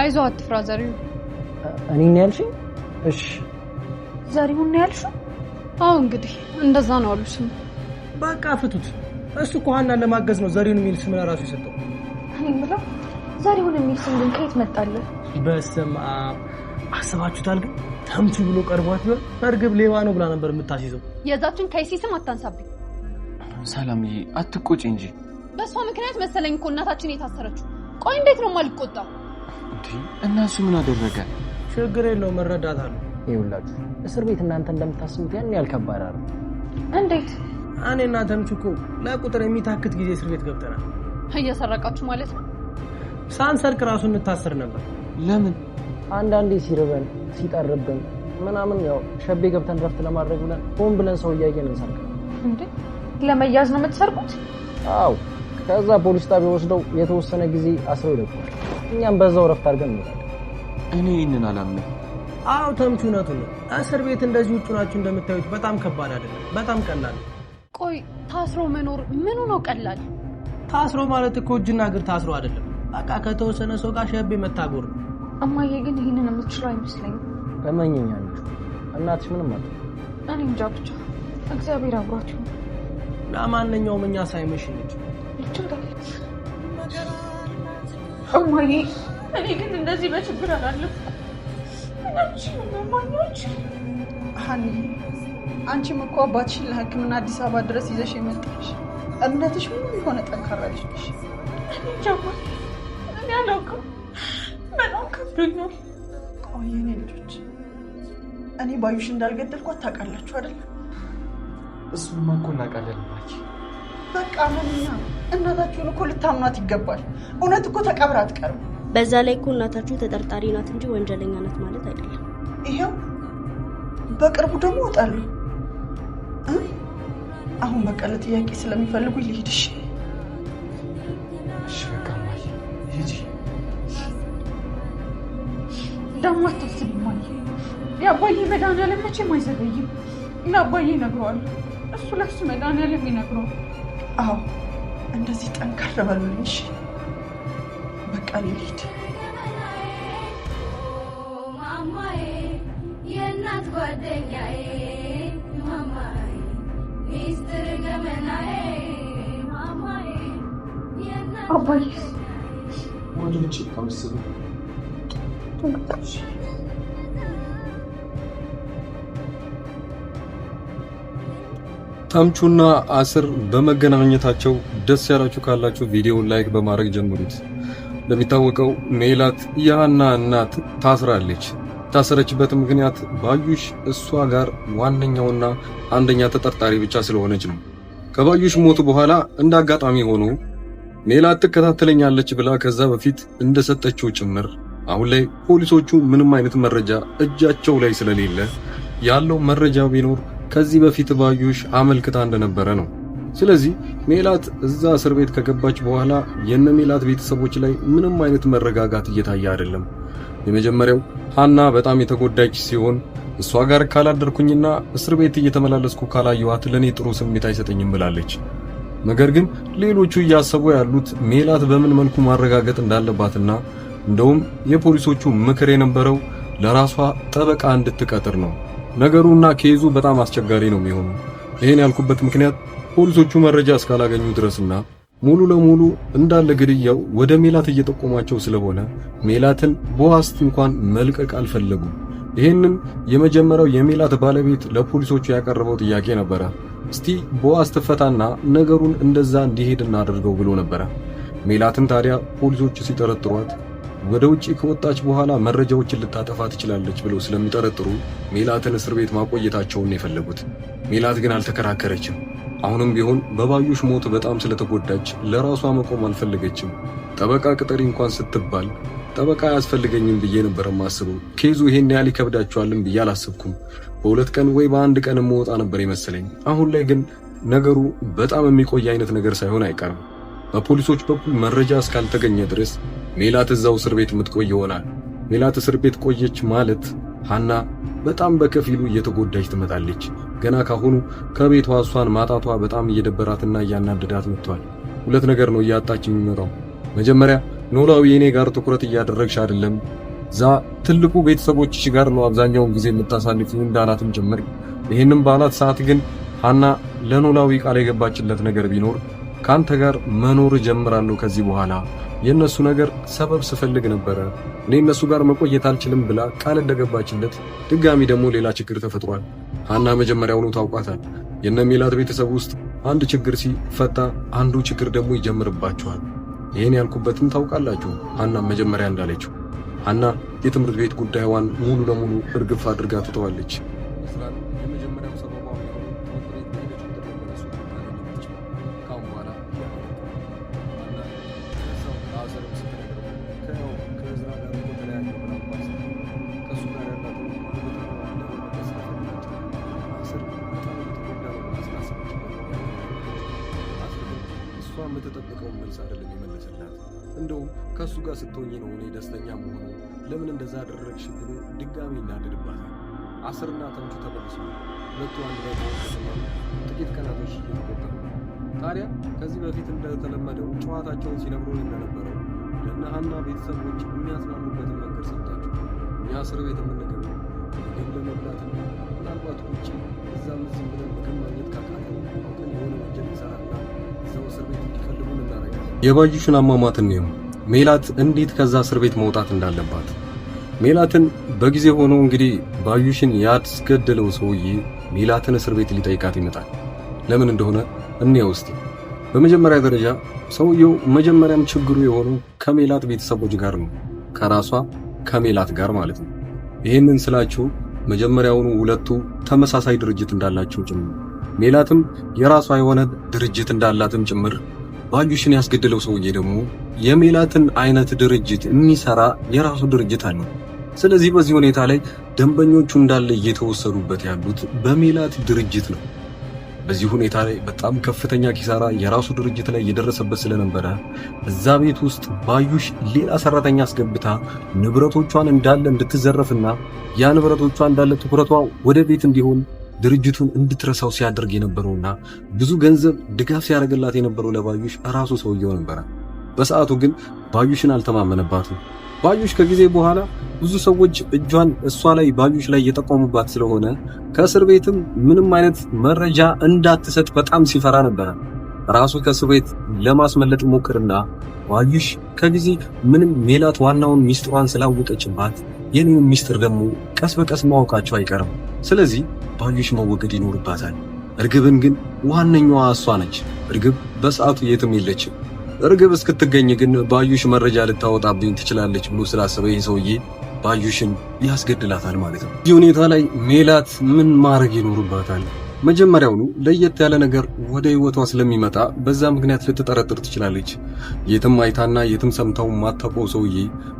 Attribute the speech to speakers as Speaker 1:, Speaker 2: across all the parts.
Speaker 1: አይዞ አትፍራ ዘሪሁን።
Speaker 2: እኔ እና ያልሽኝ? እሺ
Speaker 1: ዘሪሁን ነው ያልሽው? አዎ እንግዲህ እንደዛ ነው አሉ። ስሙ
Speaker 2: በቃ ፍቱት። እሱ እኮ ሀናን ለማገዝ ነው ዘሪሁን የሚል ስም ለራሱ የሰጠው።
Speaker 1: ብለው ዘሪሁን የሚል ስም ግን ከየት መጣለን?
Speaker 2: በስመ አብ አስባችሁታል? ግን ተምቹ ብሎ ቀርቧት ቢሆን እርግብ ሌባ ነው ብላ ነበር የምታስይዘው።
Speaker 1: የዛችን ከይሲ ስም አታንሳብኝ።
Speaker 3: ሰላምዬ አትቆጪ እንጂ
Speaker 1: በእሷ ምክንያት መሰለኝ እኮ እናታችን የታሰረችው። ቆይ እንዴት ነው የማልቆጣው?
Speaker 3: እና እሱ ምን አደረገ?
Speaker 2: ችግር የለው መረዳት አለ።
Speaker 4: ይኸውላችሁ እስር ቤት እናንተ እንደምታስቡት ያን ያህል ከባድ አይደል።
Speaker 1: እንዴት?
Speaker 2: እኔ እና ተምቹ እኮ ለቁጥር የሚታክት ጊዜ እስር ቤት ገብተናል።
Speaker 1: እየሰረቃችሁ ማለት ነው?
Speaker 2: ሳንሰርቅ ራሱ እንታስር ነበር። ለምን? አንዳንዴ ሲርበን ሲጠርብን ምናምን ያው ሸቤ ገብተን ረፍት ለማድረግ ብለን ሆን ብለን ሰው እያየን እንሰርቅ።
Speaker 1: እንዴ ለመያዝ ነው የምትሰርቁት?
Speaker 2: አዎ ከዛ ፖሊስ ጣቢያ ወስደው የተወሰነ ጊዜ አስረው ይለቁናል። እኛም በዛው ረፍት አድርገን እንሄዳለን።
Speaker 3: እኔ ይህንን አላምንም።
Speaker 2: አዎ ተምቹ እውነቱን ነው። እስር ቤት እንደዚህ ውጭ ናችሁ እንደምታዩት በጣም ከባድ አይደለም፣ በጣም ቀላል።
Speaker 1: ቆይ ታስሮ መኖር ምኑ ነው ቀላል?
Speaker 2: ታስሮ ማለት እኮ እጅና እግር ታስሮ አይደለም። በቃ ከተወሰነ ሰው ጋር ሸቤ መታጎር ነው።
Speaker 1: እማዬ ግን ይህንን የምትችለው አይመስለኝም።
Speaker 2: እመኝኛ ልጁ እናትሽ ምንም አለ።
Speaker 1: እኔ እንጃ ብቻ እግዚአብሔር አብሯችሁ።
Speaker 2: ለማንኛውም እኛ ሳይመሽ ልጅ
Speaker 1: እማዬ እኔ ግን እንደዚህ በችግር አላለሁ።
Speaker 5: ሀኒ፣ አንቺም እኮ አባትሽን ለሕክምና አዲስ አበባ ድረስ ይዘሽ የመጣሽ እምነትሽ ምንም የሆነ ጠንካራ ልጅ ነሽ።
Speaker 1: እኔ አላውቅም፣ በጣም ከብዶኛል።
Speaker 5: ቆይ ልጆች፣ እኔ ባዩሽ እንዳልገደልኳት ታውቃላችሁ አይደለም?
Speaker 3: እሱማ እኮ እናውቃለን።
Speaker 5: በቃ ምንኛ እናታችሁን እኮ ልታምኗት ይገባል። እውነት እኮ ተቀብራ አትቀርም። በዛ ላይ እኮ እናታችሁ ተጠርጣሪ ናት እንጂ ወንጀለኛ ናት ማለት አይደለም። ይሄው በቅርቡ ደግሞ እወጣለሁ። አሁን በቃ ለጥያቄ ስለሚፈልጉ ይልሄድሽ ደግሞ አታስቢማ። የአባዬ መድኃኒዓለም መቼም አይዘገይም። ለአባዬ እነግረዋለሁ። እሱ ለሱ መድኃኒዓለም ይነግረዋል። አዎ እንደዚህ ጠንካራ በሉልኝ። እሺ በቃ ልሂድ። ማማዬ የእናት ጓደኛዬ ማማዬ ሚስጥር ገመናዬ ማማዬ አባዬ
Speaker 3: ወደ ውጭ ከምስሉ
Speaker 6: ተምቹና አስር በመገናኘታቸው ደስ ያላችሁ ካላችሁ ቪዲዮውን ላይክ በማድረግ ጀምሩት። እንደሚታወቀው ሜላት የሃና እናት ታስራለች። ታሰረችበት ምክንያት ባዩሽ እሷ ጋር ዋነኛውና አንደኛ ተጠርጣሪ ብቻ ስለሆነች ነው። ከባዩሽ ሞቱ በኋላ እንደ አጋጣሚ ሆኖ ሜላት ትከታተለኛለች ብላ ከዛ በፊት እንደሰጠችው ጭምር አሁን ላይ ፖሊሶቹ ምንም አይነት መረጃ እጃቸው ላይ ስለሌለ ያለው መረጃ ቢኖር ከዚህ በፊት ባዩሽ አመልክታ እንደነበረ ነው። ስለዚህ ሜላት እዛ እስር ቤት ከገባች በኋላ የነ ሜላት ቤተሰቦች ላይ ምንም አይነት መረጋጋት እየታየ አይደለም። የመጀመሪያው ሃና በጣም የተጎዳች ሲሆን እሷ ጋር ካላደርኩኝና እስር ቤት እየተመላለስኩ ካላየኋት ለኔ ጥሩ ስሜት አይሰጠኝም ብላለች። ነገር ግን ሌሎቹ እያሰቡ ያሉት ሜላት በምን መልኩ ማረጋገጥ እንዳለባትና እንደውም የፖሊሶቹ ምክር የነበረው ለራሷ ጠበቃ እንድትቀጥር ነው። ነገሩና ኬዙ በጣም አስቸጋሪ ነው የሚሆነው። ይህን ያልኩበት ምክንያት ፖሊሶቹ መረጃ እስካላገኙ ድረስና ሙሉ ለሙሉ እንዳለ ግድያው ወደ ሜላት እየጠቆማቸው ስለሆነ ሜላትን በዋስት እንኳን መልቀቅ አልፈለጉም። ይህንን የመጀመሪያው የሜላት ባለቤት ለፖሊሶቹ ያቀረበው ጥያቄ ነበረ። እስቲ በዋስት ፈታና ነገሩን እንደዛ እንዲሄድ እናደርገው ብሎ ነበረ። ሜላትን ታዲያ ፖሊሶቹ ሲጠረጥሯት ወደ ውጪ ከወጣች በኋላ መረጃዎችን ልታጠፋ ትችላለች ብለው ስለሚጠረጥሩ ሜላትን እስር ቤት ማቆየታቸውን የፈለጉት። ሜላት ግን አልተከራከረችም። አሁንም ቢሆን በባዩሽ ሞት በጣም ስለተጎዳች ለራሷ መቆም አልፈለገችም። ጠበቃ ቅጠሪ እንኳን ስትባል ጠበቃ አያስፈልገኝም ብዬ ነበር የማስበው። ኬዙ ይሄን ያህል ይከብዳችኋልም ብዬ አላሰብኩም። በሁለት ቀን ወይ በአንድ ቀን መወጣ ነበር የመሰለኝ። አሁን ላይ ግን ነገሩ በጣም የሚቆይ አይነት ነገር ሳይሆን አይቀርም። በፖሊሶች በኩል መረጃ እስካልተገኘ ድረስ ሜላት እዛው እስር ቤት የምትቆይ ይሆናል። ሜላት እስር ቤት ቆየች ማለት ሃና በጣም በከፊሉ እየተጎዳች ትመጣለች። ገና ካሁኑ ከቤቷ እሷን ማጣቷ በጣም እየደበራትና እያናደዳት መጥቷል። ሁለት ነገር ነው እያጣች የሚመጣው። መጀመሪያ ኖላዊ የእኔ ጋር ትኩረት እያደረግሽ አይደለም፣ ዛ ትልቁ ቤተሰቦችሽ ጋር ነው አብዛኛውን ጊዜ የምታሳልፊ እንዳላትም ጭምር። ይህንም ባላት ሰዓት ግን ሃና ለኖላዊ ቃል የገባችለት ነገር ቢኖር ከአንተ ጋር መኖር ጀምራለሁ ከዚህ በኋላ የእነሱ ነገር ሰበብ ስፈልግ ነበረ። እኔ እነሱ ጋር መቆየት አልችልም ብላ ቃል እንደገባችለት ድጋሚ ደግሞ ሌላ ችግር ተፈጥሯል። ሀና መጀመሪያውኑ ታውቋታል። የነ ሜላት ቤተሰብ ውስጥ አንድ ችግር ሲፈታ አንዱ ችግር ደግሞ ይጀምርባቸዋል። ይህን ያልኩበትም ታውቃላችሁ። ሀና መጀመሪያ እንዳለችው ሀና የትምህርት ቤት ጉዳይዋን ሙሉ ለሙሉ እርግፍ አድርጋ ትተዋለች። የምትጠብቀውን መልስ አይደለም የመለሰላት። እንደውም ከእሱ ጋር ስትሆኝ ነው እኔ ደስተኛ መሆኑ፣ ለምን እንደዛ አደረግሽ ብሎ ድጋሚ ይናደድባታል። አስርና ተምቹ ተመልሰዋል። ሁለቱ አንድ ላይ ተወሰማ ጥቂት ቀናቶች እየተቆጠሩ ታዲያ ከዚህ በፊት እንደተለመደው ጨዋታቸውን ሲነግሩን እንደነበረው ለነሀና ቤተሰቦች የሚያስማሙበትን መንገድ ሰጥታቸው እኛ እስር ቤት የምንገባው ምግብ ለመብላትና ምናልባት ውጭ እዛም እዚህ ብለን ምግብ ማግኘት ካቃተን አውቀን የሆነ ወንጀል ይሰራና እዛው እስር የባዩሽን አሟሟት እንየው። ሜላት እንዴት ከዛ እስር ቤት መውጣት እንዳለባት ሜላትን በጊዜ ሆኖ እንግዲህ ባዩሽን ያስገደለው ሰውዬ ሜላትን እስር ቤት ሊጠይቃት ይመጣል። ለምን እንደሆነ እንየው እስቲ። በመጀመሪያ ደረጃ ሰውየው መጀመሪያም ችግሩ የሆነው ከሜላት ቤተሰቦች ጋር ነው፣ ከራሷ ከሜላት ጋር ማለት ነው። ይህንን ስላችሁ መጀመሪያውኑ ሁለቱ ተመሳሳይ ድርጅት እንዳላቸው ጭምር ሜላትም የራሷ የሆነ ድርጅት እንዳላትም ጭምር ባዩሽን ያስገድለው ሰውዬ ደግሞ የሜላትን አይነት ድርጅት የሚሰራ የራሱ ድርጅት አለ። ስለዚህ በዚህ ሁኔታ ላይ ደንበኞቹ እንዳለ እየተወሰዱበት ያሉት በሜላት ድርጅት ነው። በዚህ ሁኔታ ላይ በጣም ከፍተኛ ኪሳራ የራሱ ድርጅት ላይ እየደረሰበት ስለነበረ እዛ ቤት ውስጥ ባዩሽ ሌላ ሰራተኛ አስገብታ ንብረቶቿን እንዳለ እንድትዘረፍና ያ ንብረቶቿ እንዳለ ትኩረቷ ወደ ቤት እንዲሆን ድርጅቱን እንድትረሳው ሲያደርግ የነበረውና ብዙ ገንዘብ ድጋፍ ሲያደርግላት የነበረው ለባዩሽ ራሱ ሰውየው ነበረ። በሰዓቱ ግን ባዩሽን አልተማመነባትም። ባዩሽ ከጊዜ በኋላ ብዙ ሰዎች እጇን እሷ ላይ ባዩሽ ላይ እየጠቆሙባት ስለሆነ ከእስር ቤትም ምንም አይነት መረጃ እንዳትሰጥ በጣም ሲፈራ ነበረ። ራሱ ከእስር ቤት ለማስመለጥ ሞክርና ባዩሽ ከጊዜ ምንም ሜላት ዋናውን ሚስጥሯን ስላወቀችባት የኔንም ሚስጥር ደግሞ ቀስ በቀስ ማወቃቸው አይቀርም። ስለዚህ ባዩሽ መወገድ ይኖርባታል። እርግብን ግን ዋነኛዋ እሷ ነች። እርግብ በሰዓቱ የትም የለችም። እርግብ እስክትገኝ ግን ባዩሽ መረጃ ልታወጣብኝ ትችላለች ብሎ ስላሰበ ይህ ሰውዬ ባዩሽን ያስገድላታል ማለት ነው። እዚህ ሁኔታ ላይ ሜላት ምን ማድረግ ይኖርባታል? መጀመሪያውኑ ለየት ያለ ነገር ወደ ህይወቷ ስለሚመጣ በዛ ምክንያት ልትጠረጥር ትችላለች። የትም አይታና የትም ሰምታው ማታውቀው ሰውዬ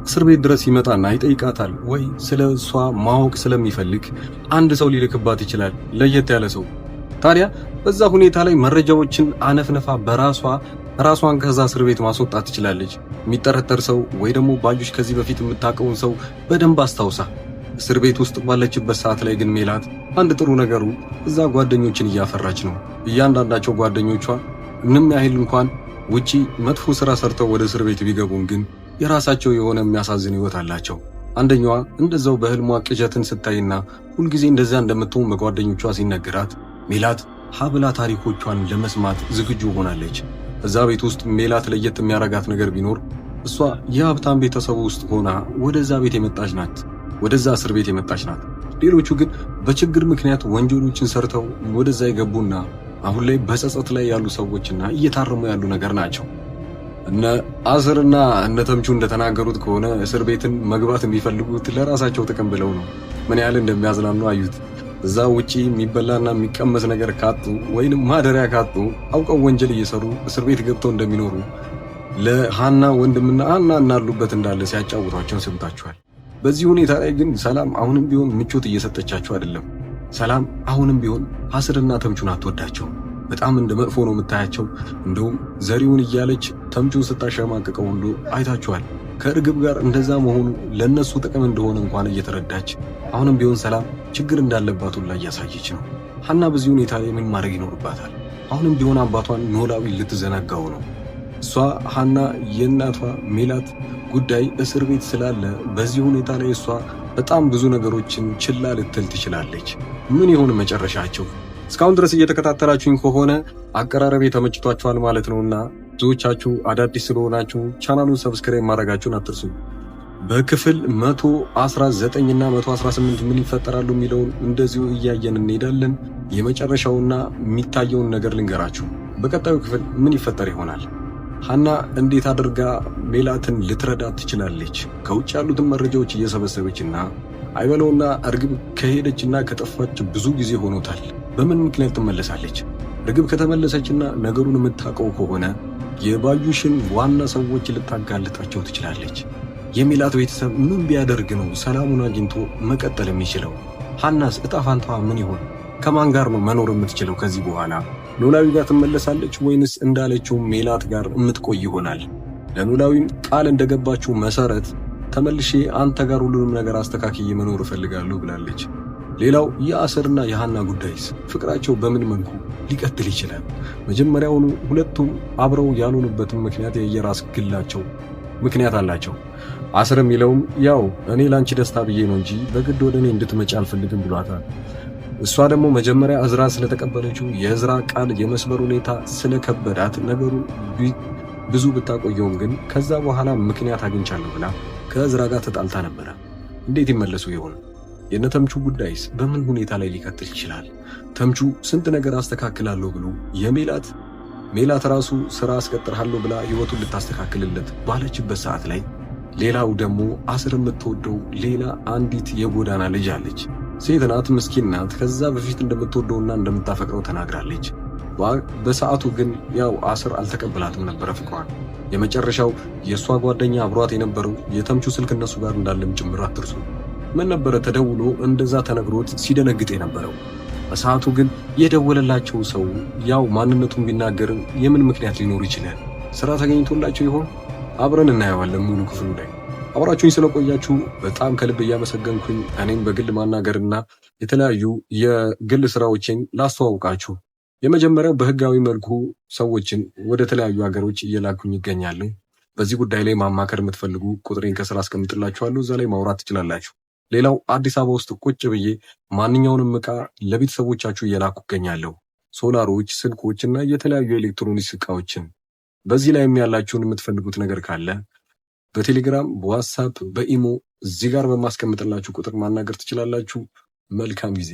Speaker 6: እስር ቤት ድረስ ይመጣና ይጠይቃታል ወይ ስለ እሷ ማወቅ ስለሚፈልግ አንድ ሰው ሊልክባት ይችላል፣ ለየት ያለ ሰው። ታዲያ በዛ ሁኔታ ላይ መረጃዎችን አነፍነፋ በራሷ ራሷን ከዛ እስር ቤት ማስወጣት ትችላለች። የሚጠረጠር ሰው ወይ ደግሞ ባዩሽ ከዚህ በፊት የምታውቀውን ሰው በደንብ አስታውሳ እስር ቤት ውስጥ ባለችበት ሰዓት ላይ ግን ሜላት አንድ ጥሩ ነገሩ እዛ ጓደኞችን እያፈራች ነው። እያንዳንዳቸው ጓደኞቿ ምንም ያህል እንኳን ውጪ መጥፎ ሥራ ሰርተው ወደ እስር ቤት ቢገቡም ግን የራሳቸው የሆነ የሚያሳዝን ሕይወት አላቸው። አንደኛዋ እንደዛው በሕልሟ ቅዠትን ስታይና ሁልጊዜ እንደዚያ እንደምትሆን በጓደኞቿ ሲነገራት ሜላት ሀብላ ታሪኮቿን ለመስማት ዝግጁ ሆናለች። እዛ ቤት ውስጥ ሜላት ለየት የሚያረጋት ነገር ቢኖር እሷ የሀብታም ቤተሰብ ውስጥ ሆና ወደዛ ቤት የመጣች ናት። ወደዛ እስር ቤት የመጣች ናት። ሌሎቹ ግን በችግር ምክንያት ወንጀሎችን ሰርተው ወደዛ የገቡና አሁን ላይ በጸጸት ላይ ያሉ ሰዎችና እየታረሙ ያሉ ነገር ናቸው። እነ አስርና እነ ተምቹ እንደተናገሩት ከሆነ እስር ቤትን መግባት የሚፈልጉት ለራሳቸው ጥቅም ብለው ነው። ምን ያህል እንደሚያዝናኑ አዩት። እዛ ውጪ የሚበላና የሚቀመስ ነገር ካጡ ወይንም ማደሪያ ካጡ አውቀው ወንጀል እየሰሩ እስር ቤት ገብተው እንደሚኖሩ ለሃና ወንድምና ሃና እናሉበት እንዳለ ሲያጫውቷቸው ሰምታችኋል። በዚህ ሁኔታ ላይ ግን ሰላም አሁንም ቢሆን ምቾት እየሰጠቻቸው አይደለም። ሰላም አሁንም ቢሆን ሐስርና ተምቹን አትወዳቸውም። በጣም እንደ መጥፎ ነው የምታያቸው። እንደውም ዘሪውን እያለች ተምቹን ስታሸማቅቀው ሁሉ አይታችኋል። ከእርግብ ጋር እንደዛ መሆኑ ለእነሱ ጥቅም እንደሆነ እንኳን እየተረዳች አሁንም ቢሆን ሰላም ችግር እንዳለባት ሁላ እያሳየች ነው። ሐና በዚህ ሁኔታ ላይ ምን ማድረግ ይኖርባታል? አሁንም ቢሆን አባቷን ኖላዊ ልትዘነጋው ነው። እሷ ሀና የእናቷ ሜላት ጉዳይ እስር ቤት ስላለ በዚህ ሁኔታ ላይ እሷ በጣም ብዙ ነገሮችን ችላ ልትል ትችላለች። ምን ይሆን መጨረሻቸው? እስካሁን ድረስ እየተከታተላችሁኝ ከሆነ አቀራረቤ ተመችቷችኋል ማለት ነውና ብዙዎቻችሁ አዳዲስ ስለሆናችሁ ቻናሉን ሰብስክራይብ ማድረጋችሁን አትርሱ። በክፍል 119 እና 118 ምን ይፈጠራሉ የሚለውን እንደዚሁ እያየን እንሄዳለን። የመጨረሻውና የሚታየውን ነገር ልንገራችሁ። በቀጣዩ ክፍል ምን ይፈጠር ይሆናል? ሀና እንዴት አድርጋ ሜላትን ልትረዳት ትችላለች? ከውጭ ያሉትን መረጃዎች እየሰበሰበችና አይበለውና እርግብ ከሄደችና ከጠፋች ብዙ ጊዜ ሆኖታል። በምን ምክንያት ትመለሳለች? እርግብ ከተመለሰችና ነገሩን የምታውቀው ከሆነ የባዩሽን ዋና ሰዎች ልታጋልጣቸው ትችላለች። የሜላት ቤተሰብ ምን ቢያደርግ ነው ሰላሙን አግኝቶ መቀጠል የሚችለው? ሐናስ እጣ ፋንታዋ ምን ይሆን? ከማን ጋር ነው መኖር የምትችለው ከዚህ በኋላ? ኖላዊ ጋር ትመለሳለች ወይንስ እንዳለችው ሜላት ጋር የምትቆይ ይሆናል? ለኖላዊም ቃል እንደገባችው መሰረት ተመልሼ አንተ ጋር ሁሉንም ነገር አስተካክዬ መኖር እፈልጋለሁ ብላለች። ሌላው የአስርና የሐና ጉዳይስ ፍቅራቸው በምን መልኩ ሊቀጥል ይችላል? መጀመሪያውኑ ሁለቱም አብረው ያልሆኑበትም ምክንያት የየራስ ግላቸው ምክንያት አላቸው። አስር የሚለውም ያው እኔ ላንቺ ደስታ ብዬ ነው እንጂ በግድ ወደ እኔ እንድትመጪ አልፈልግም ብሏታል። እሷ ደግሞ መጀመሪያ እዝራ ስለተቀበለችው የእዝራ ቃል የመስበር ሁኔታ ስለከበዳት ነገሩን ብዙ ብታቆየውም ግን ከዛ በኋላ ምክንያት አግኝቻለሁ ብላ ከእዝራ ጋር ተጣልታ ነበረ። እንዴት ይመለሱ ይሆን? የነተምቹ ጉዳይስ በምን ሁኔታ ላይ ሊቀጥል ይችላል? ተምቹ ስንት ነገር አስተካክላለሁ ብሎ የሜላት ሜላት ራሱ ስራ አስቀጥርሃለሁ ብላ ህይወቱን ልታስተካክልለት ባለችበት ሰዓት ላይ ሌላው ደግሞ አስር የምትወደው ሌላ አንዲት የጎዳና ልጅ አለች። ሴት ናት፣ ምስኪን ናት። ከዛ በፊት እንደምትወደውና እንደምታፈቅረው ተናግራለች። በሰዓቱ ግን ያው አስር አልተቀበላትም ነበረ ፍቅሯን። የመጨረሻው የእሷ ጓደኛ አብሯት የነበረው የተምቹ ስልክ እነሱ ጋር እንዳለም ጭምር አትርሱ። ምን ነበረ ተደውሎ እንደዛ ተነግሮት ሲደነግጥ የነበረው። በሰዓቱ ግን የደወለላቸው ሰው ያው ማንነቱን ቢናገርም የምን ምክንያት ሊኖር ይችላል? ስራ ተገኝቶላቸው ይሆን? አብረን እናየዋለን ሙሉ ክፍሉ ላይ አብራችሁኝ ስለቆያችሁ በጣም ከልብ እያመሰገንኩኝ እኔም በግል ማናገርና የተለያዩ የግል ስራዎችን ላስተዋውቃችሁ። የመጀመሪያው በህጋዊ መልኩ ሰዎችን ወደ ተለያዩ ሀገሮች እየላኩኝ ይገኛሉ። በዚህ ጉዳይ ላይ ማማከር የምትፈልጉ ቁጥሬን ከስራ አስቀምጥላችኋለሁ፣ እዛ ላይ ማውራት ትችላላችሁ። ሌላው አዲስ አበባ ውስጥ ቁጭ ብዬ ማንኛውንም እቃ ለቤተሰቦቻችሁ እየላኩ ይገኛለሁ። ሶላሮች፣ ስልኮች እና የተለያዩ ኤሌክትሮኒክስ እቃዎችን። በዚህ ላይም ያላችሁን የምትፈልጉት ነገር ካለ በቴሌግራም በዋትሳፕ በኢሞ እዚህ ጋር በማስቀምጥላችሁ ቁጥር ማናገር ትችላላችሁ። መልካም ጊዜ